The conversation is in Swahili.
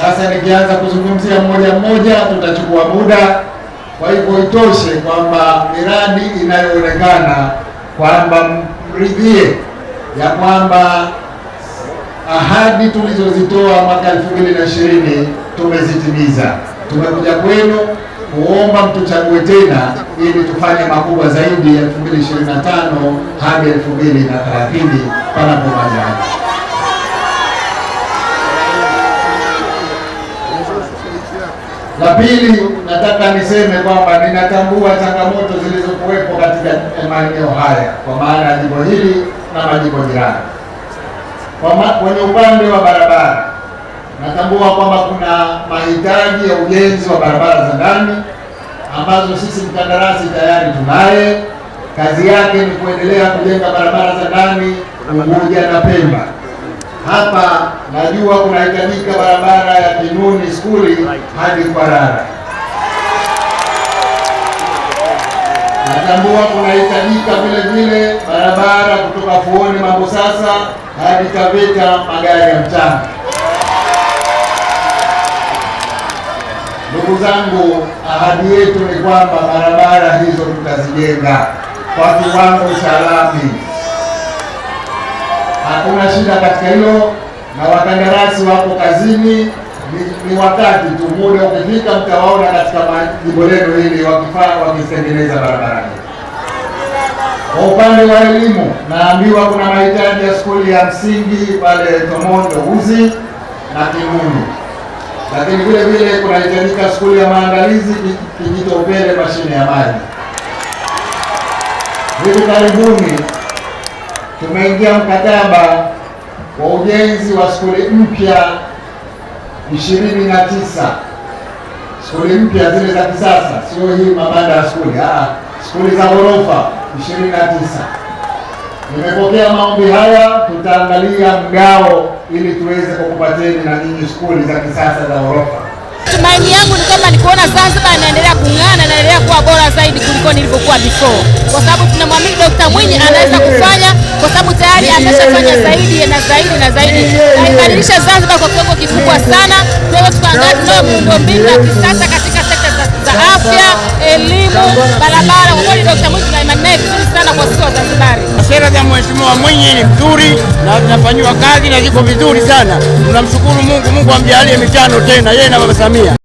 Sasa nikianza kuzungumzia mmoja mmoja tutachukua muda, kwa hivyo itoshe kwamba miradi inayoonekana kwamba mridhie ya kwamba ahadi tulizozitoa mwaka elfu mbili na ishirini tumezitimiza. Tumekuja kwenu kuomba mtuchague tena ili tufanye makubwa zaidi elfu mbili ishirini na tano hadi elfu mbili na thelathini La pili, nataka niseme kwamba ninatambua changamoto zilizokuwepo katika maeneo haya kwa maana ya jimbo hili na majimbo jirani. Kwenye upande wa barabara, natambua kwamba kuna mahitaji ya ujenzi wa barabara za ndani ambazo sisi mkandarasi tayari tunaye. Kazi yake ni kuendelea kujenga barabara za ndani Unguja na Pemba hapa najua kunahitajika barabara ya Kinuni skuli hadi kwarara Natambua kunahitajika vile vile barabara kutoka Fuoni Mambo Sasa hadi Taveta magari ya mchanga. Ndugu zangu, ahadi yetu ni kwamba barabara hizo tutazijenga kwa kiwango cha lami hakuna shida katika hilo, na wakandarasi wako kazini. Ni, ni wakati tu, muda ukifika mtawaona katika majimbo lenu hili wakifaa wakitengeneza barabarani. Kwa upande wa elimu, naambiwa kuna mahitaji ya skuli ya msingi pale Tomondo Uzi na Kinuni, lakini vile vile kunahitajika skuli ya maandalizi Kijitopele, mashine ya maji hivi karibuni tumeingia mkataba wa ujenzi wa skuli mpya ishirini na tisa skuli mpya zile za kisasa, sio hii mabanda ya skuli, ah, skuli za ghorofa ishirini na tisa. Nimepokea maombi haya, tutaangalia mgao ili tuweze kukupateni na nyinyi skuli za kisasa za ghorofa. Tumaini yangu ni kama ni kuona Zanzibar inaendelea kung'ana, inaendelea kuwa bora zaidi kuwa before, kwa sababu tunamwamini Dr. Mwinyi anaweza kufanya, kwa sababu tayari ameshafanya zaidi na zaidi na zaidi, aibadilisha Zanzibar kwa kiwango kikubwa sana. Kwa hiyo tukaangaa miundombinu ya kisasa katika sekta za afya, elimu, barabara. Kwa kweli Dr. Mwinyi tuna imani naye vizuri sana kwa sisi Wazanzibari. Sera za Mheshimiwa Mwinyi ni nzuri na zinafanyiwa kazi na ziko vizuri sana. Tunamshukuru Mungu, Mungu amjalie mitano tena yeye na Mama Samia.